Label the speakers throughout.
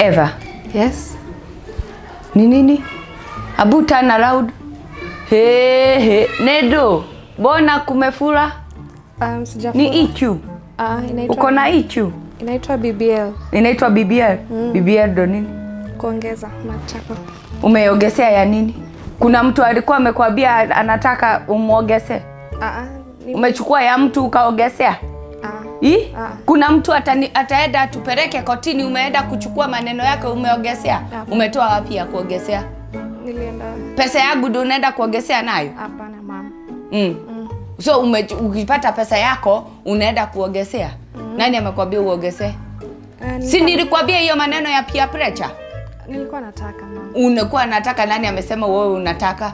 Speaker 1: Eva. Yes. Ni nini? Abu tana loud. He he. Nedo, Bona kumefura? Um, sijafura. Ni ichu. Ah, uh, inaitwa Uko na ichu?
Speaker 2: Inaitwa BBL.
Speaker 1: Inaitwa BBL. Mm. BBL ndo nini?
Speaker 2: Kuongeza matako.
Speaker 1: Umeogesea ya nini? Kuna mtu alikuwa amekwambia anataka umuogese? Ah, uh, uh, umechukua ya mtu ukaogesea? I? Ah. Kuna mtu atani, ataenda tupereke kotini. Umeenda kuchukua maneno yake, umeogesea.
Speaker 2: Ah. Umetoa
Speaker 1: wapi ya kuogesea? Nilienda. Pesa yangu ndio unaenda kuogesea nayo?
Speaker 2: Hapana mama.
Speaker 1: Mm. Mm. So ume, ukipata pesa yako unaenda kuogesea. Mm. Nani amekwambia uogesee? Eh, ah, si nilikwambia hiyo maneno ya peer pressure?
Speaker 2: Nilikuwa nataka mama.
Speaker 1: Unakuwa nataka, nani amesema wewe unataka?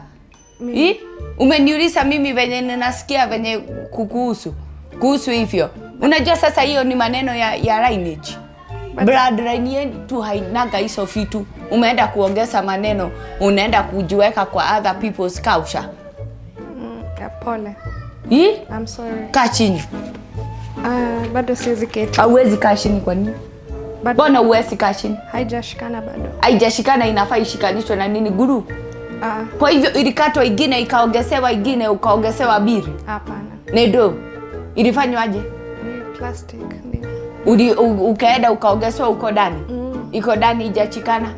Speaker 1: Mimi. Umeniuliza mimi venye ninasikia venye kukuhusu kuhusu hivyo. Unajua sasa hiyo ni maneno ya, ya lineage. Bloodline yetu hainaga hizo vitu. Umeenda kuongeza maneno, unaenda kujiweka kwa other people's culture.
Speaker 2: Mm, pole. I'm sorry. Kachini. Uh, ah, bado siwezi keti.
Speaker 1: Hauwezi kachini kwa nini? Mbona uwezi kachini?
Speaker 2: Haijashikana bado.
Speaker 1: Haijashikana inafaa ishikanishwe na nini guru?
Speaker 2: Uh. Kwa
Speaker 1: hivyo ilikatwa ingine ikaongezewa ingine ukaongezewa biri? Hapana. Nedo. Ilifanywaje? Plastic. Uli, ukaenda ukaogeswa uko ndani mm. Iko ndani ijachikana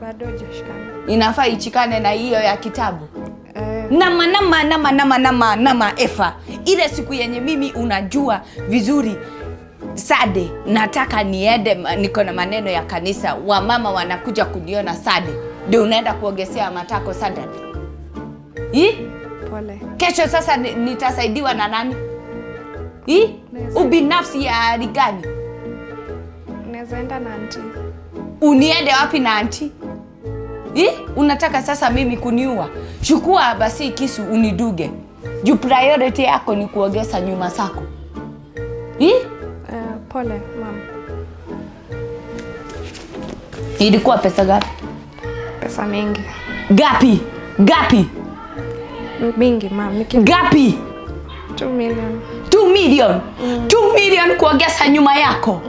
Speaker 1: bado inafaa ichikane na hiyo ya kitabu eh. Nama, nama, nama, nama, nama, nama efa ile siku yenye mimi unajua vizuri Sade nataka niende, niko na maneno ya kanisa, wamama wanakuja kuniona Sade, ndio unaenda kuogesea matako Sade. Pole. Kesho sasa nitasaidiwa na nani? Hii eh? ubinafsi ya hali gani?
Speaker 2: Naweza na anti.
Speaker 1: Uniende wapi na anti? Hii eh? unataka sasa mimi kuniua? Chukua basi kisu uniduge. Ju priority yako ni kuogesa nyuma sako. Hii? Uh,
Speaker 2: eh? pole mama.
Speaker 1: Ilikuwa pesa gapi? Pesa mingi. Gapi? Gapi?
Speaker 2: Mingi mama. Gapi? 2 million. 2 million. 2
Speaker 1: million kuogesa nyuma yako.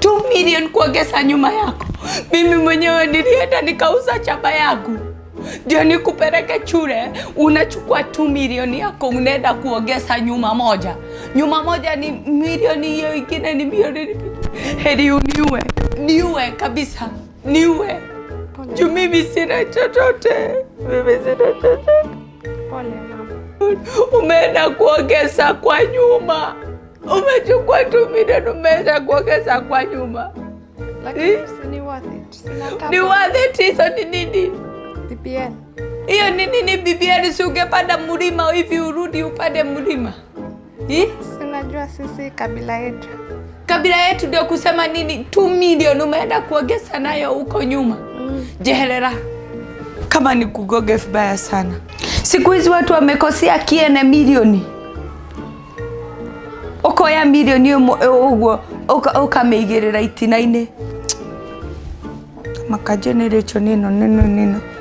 Speaker 1: 2 million kuogesa nyuma yako. Mimi mwenyewe nilienda nikauza chaba yangu ndio nikupeleke chure, unachukua 2 million yako unaenda kuogesa nyuma moja. Nyuma moja ni milioni hiyo, ingine ni milioni. Heri uniue, niue kabisa, niue juu mimi sina chochote, mimi sina chochote. Pole umeenda kuongeza kwa nyuma, umechukua tu milioni umeenda kuongeza kwa nyuma. Eh? Ni worth it hizo? Ni nini hiyo? Ni nini BBN? Si ungepanda mlima hivi urudi upande mlima? Eh?
Speaker 2: Sinajua sisi kabila yetu
Speaker 1: kabila yetu ndio kusema nini, tu million umeenda kuongeza nayo huko nyuma. Mm. Jehelera. kama ni kugoge vibaya sana Siku hizi watu wamekosea kiene milioni ukoya milioni e, uguo ukamiigirira itina-ini makajenerethoni ino neno neno